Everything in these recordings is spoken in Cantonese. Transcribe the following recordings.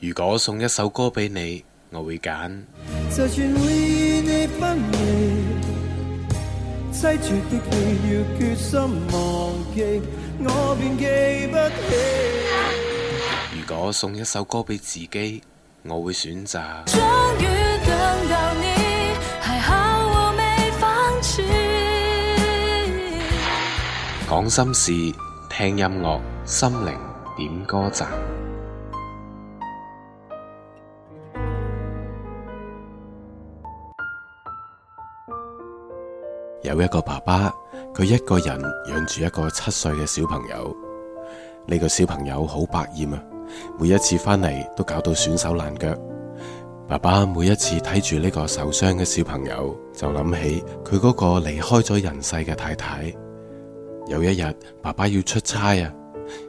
如果送一首歌俾你，我會揀。如果送一首歌俾自己，我會選擇。終於等到你，還好我沒放棄。講心事，聽音樂，心靈點歌站。有一個爸爸，佢一個人養住一個七歲嘅小朋友。呢個小朋友好百厭啊，每一次翻嚟都搞到損手爛腳。爸爸每一次睇住呢個受傷嘅小朋友，就諗起佢嗰個離開咗人世嘅太太。有一日，爸爸要出差啊，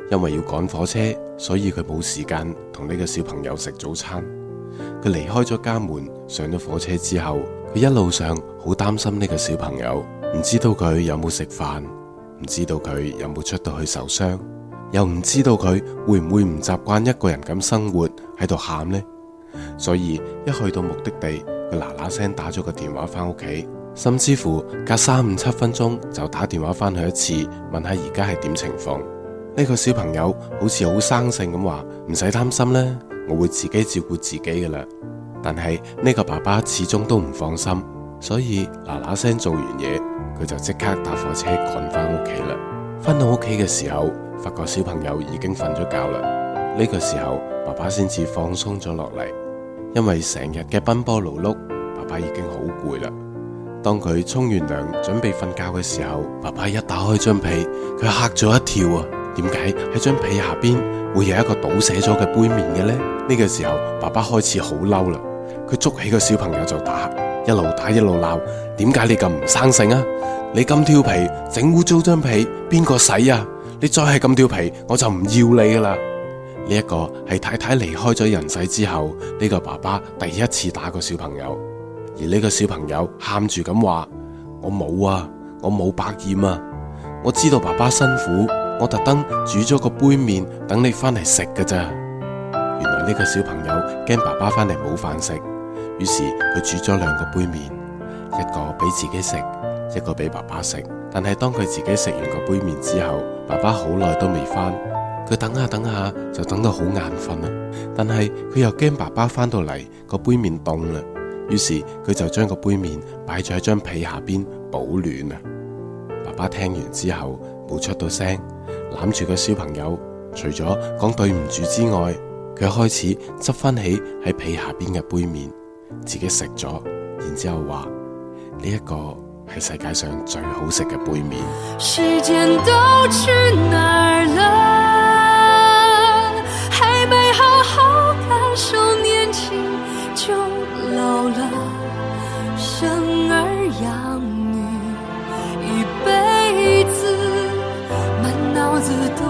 因為要趕火車，所以佢冇時間同呢個小朋友食早餐。佢離開咗家門，上咗火車之後。佢一路上好擔心呢個小朋友，唔知道佢有冇食飯，唔知道佢有冇出到去受傷，又唔知道佢會唔會唔習慣一個人咁生活喺度喊呢？所以一去到目的地，佢嗱嗱聲打咗個電話翻屋企，甚至乎隔三五七分鐘就打電話翻去一次，問下而家係點情況？呢個小朋友好似好生性咁話，唔使擔心咧，我會自己照顧自己噶啦。但係呢個爸爸始終都唔放心，所以嗱嗱聲做完嘢，佢就即刻搭火車趕翻屋企啦。翻到屋企嘅時候，發覺小朋友已經瞓咗覺啦。呢個時候，爸爸先至放鬆咗落嚟，因為成日嘅奔波勞碌，爸爸已經好攰啦。當佢沖完涼準備瞓覺嘅時候，爸爸一打開一張被，佢吓咗一跳啊！點解喺張被下邊會有一個倒瀉咗嘅杯麵嘅呢？呢個時候，爸爸開始好嬲啦。佢捉起個小朋友就打，一路打一路鬧。點解你咁唔生性啊？你咁調皮，整污糟張被，邊個洗啊？你再係咁調皮，我就唔要你噶啦。呢一個係太太離開咗人世之後，呢個爸爸第一次打個小朋友。而呢個小朋友喊住咁話：我冇啊，我冇百厭啊。我知道爸爸辛苦，我特登煮咗個杯麵等你翻嚟食噶咋。呢個小朋友驚爸爸翻嚟冇飯食，於是佢煮咗兩個杯麵，一個俾自己食，一個俾爸爸食。但係當佢自己食完個杯麵之後，爸爸好耐都未翻，佢等下等下就等到好眼瞓啦。但係佢又驚爸爸翻到嚟個杯麵凍啦，於是佢就將個杯麵擺咗喺張被下邊保暖啦。爸爸聽完之後冇出到聲，攬住個小朋友，除咗講對唔住之外，佢開始執翻起喺被下邊嘅杯麵，自己食咗，然之後話呢一個係世界上最好食嘅杯麵。時間都去哪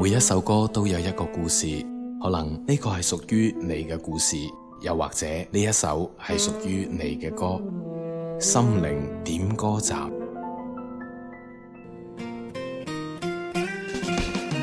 每一首歌都有一個故事，可能呢個係屬於你嘅故事，又或者呢一首係屬於你嘅歌。心靈點歌集。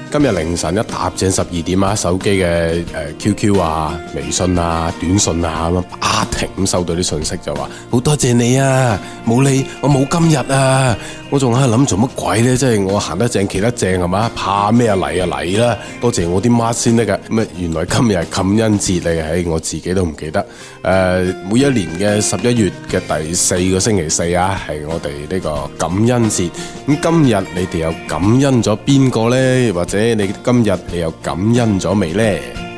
今日凌晨一搭正十二點啊，手機嘅誒 QQ 啊、微信啊、短信啊咁樣不停咁收到啲信息，就話好多謝你啊，冇你我冇今日啊，我仲喺度諗做乜鬼咧？即係我行得正企得正係嘛？怕咩啊嚟啊嚟啦！多謝我啲媽先得噶，咁啊原來今日係感恩節嚟嘅，唉我自己都唔記得。誒，每一年嘅十一月嘅第四個星期四啊，係我哋呢個感恩節。咁今日你哋又感恩咗邊個咧？或者？誒，你今日你又感恩咗未呢？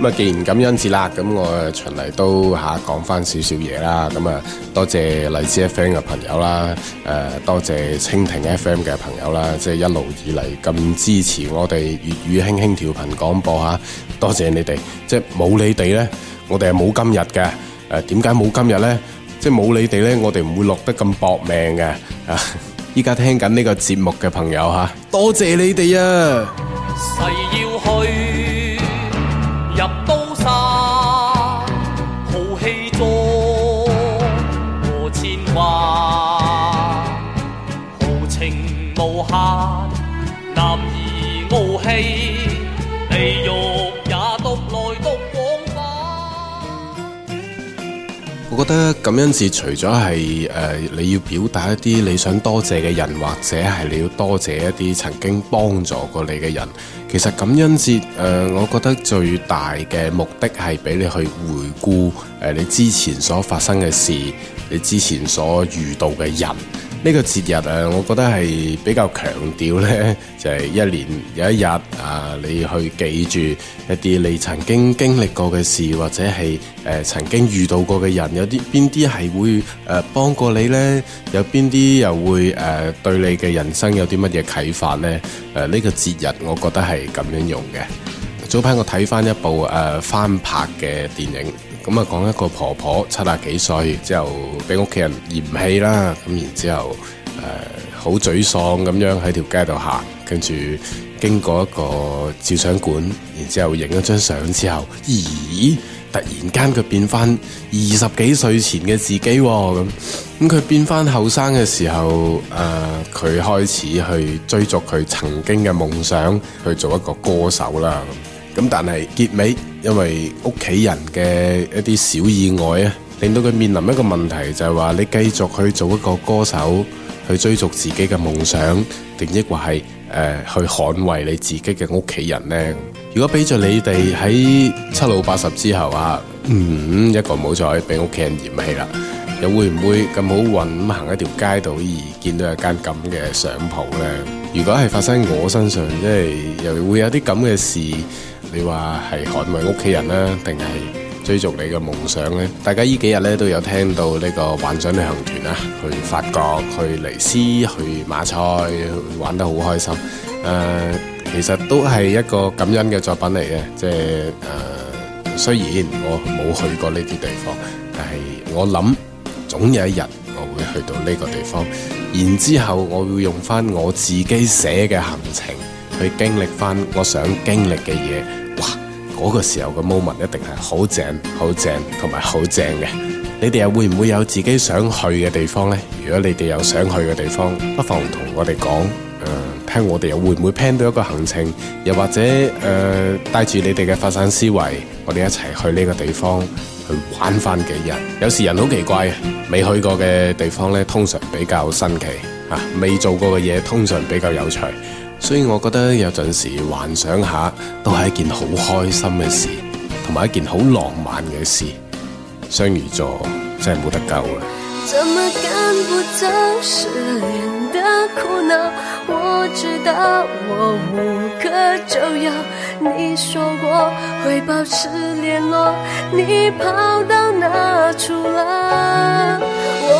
咁啊，既然感恩節啦，咁我循例都吓講翻少少嘢啦。咁啊，多謝荔枝 FM 嘅朋友啦，誒，多謝蜻蜓 FM 嘅朋友啦，即係一路以嚟咁支持我哋粵語輕輕調頻廣播吓，多謝你哋，即係冇你哋呢，我哋係冇今日嘅。誒，點解冇今日呢？即係冇你哋呢，我哋唔會錄得咁搏命嘅。啊，依家聽緊呢個節目嘅朋友吓，多謝你哋啊！誓要去入刀山，浩氣壯，過千關，豪情無限，男兒傲氣。我覺得感恩節除咗係誒你要表達一啲你想多謝嘅人，或者係你要多謝一啲曾經幫助過你嘅人，其實感恩節誒、呃，我覺得最大嘅目的係俾你去回顧誒、呃、你之前所發生嘅事，你之前所遇到嘅人。呢個節日啊，我覺得係比較強調呢，就係、是、一年有一日啊，你去記住一啲你曾經經歷過嘅事，或者係誒、呃、曾經遇到過嘅人，有啲邊啲係會誒、呃、幫過你呢？有邊啲又會誒、呃、對你嘅人生有啲乜嘢啟發呢？誒、呃，呢、這個節日我覺得係咁樣用嘅。早排我睇翻一部誒翻拍嘅電影。咁啊，講一個婆婆七啊幾歲，之後俾屋企人嫌棄啦，咁然之後誒，好、呃、沮喪咁樣喺條街度行，跟住經過一個照相館，然之後影咗張相之後，咦，突然間佢變翻二十幾歲前嘅自己喎，咁咁佢變翻後生嘅時候，誒、呃，佢開始去追逐佢曾經嘅夢想，去做一個歌手啦。咁但係結尾，因為屋企人嘅一啲小意外啊，令到佢面臨一個問題，就係話你繼續去做一個歌手，去追逐自己嘅夢想，定抑或係誒去捍衛你自己嘅屋企人呢？如果俾著你哋喺七老八十之後啊，嗯一個唔好再俾屋企人嫌棄啦，又會唔會咁好運行一條街道，而見到一間咁嘅相鋪呢？如果係發生我身上，即、哎、係又會有啲咁嘅事。你話係捍衛屋企人啦，定係追逐你嘅夢想呢？大家呢幾日咧都有聽到呢個幻想旅行團啦，去法國、去尼斯、去馬賽，玩得好開心。誒、呃，其實都係一個感恩嘅作品嚟嘅，即係誒、呃，雖然我冇去過呢啲地方，但係我諗總有一日我會去到呢個地方，然之後我會用翻我自己寫嘅行程去經歷翻我想經歷嘅嘢。嗰個時候嘅 moment 一定係好正、好正同埋好正嘅，你哋又會唔會有自己想去嘅地方呢？如果你哋有想去嘅地方，不妨同我哋講，誒、呃，聽我哋又會唔會 plan 到一個行程，又或者誒，帶、呃、住你哋嘅發散思維，我哋一齊去呢個地方去玩翻幾日？有時人好奇怪，未去過嘅地方呢，通常比較新奇，嚇、啊，未做過嘅嘢通常比較有趣。所以我覺得有陣時幻想下都係一件好開心嘅事，同埋一件好浪漫嘅事。雙魚座真係冇得救啦！怎麼，趕不走失戀的苦惱，我知道我無可救藥，你說過會保持聯絡，你跑到哪處了。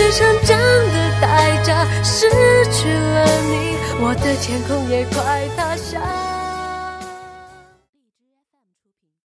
是成長的代價，失去了你，我的天空也快塌下。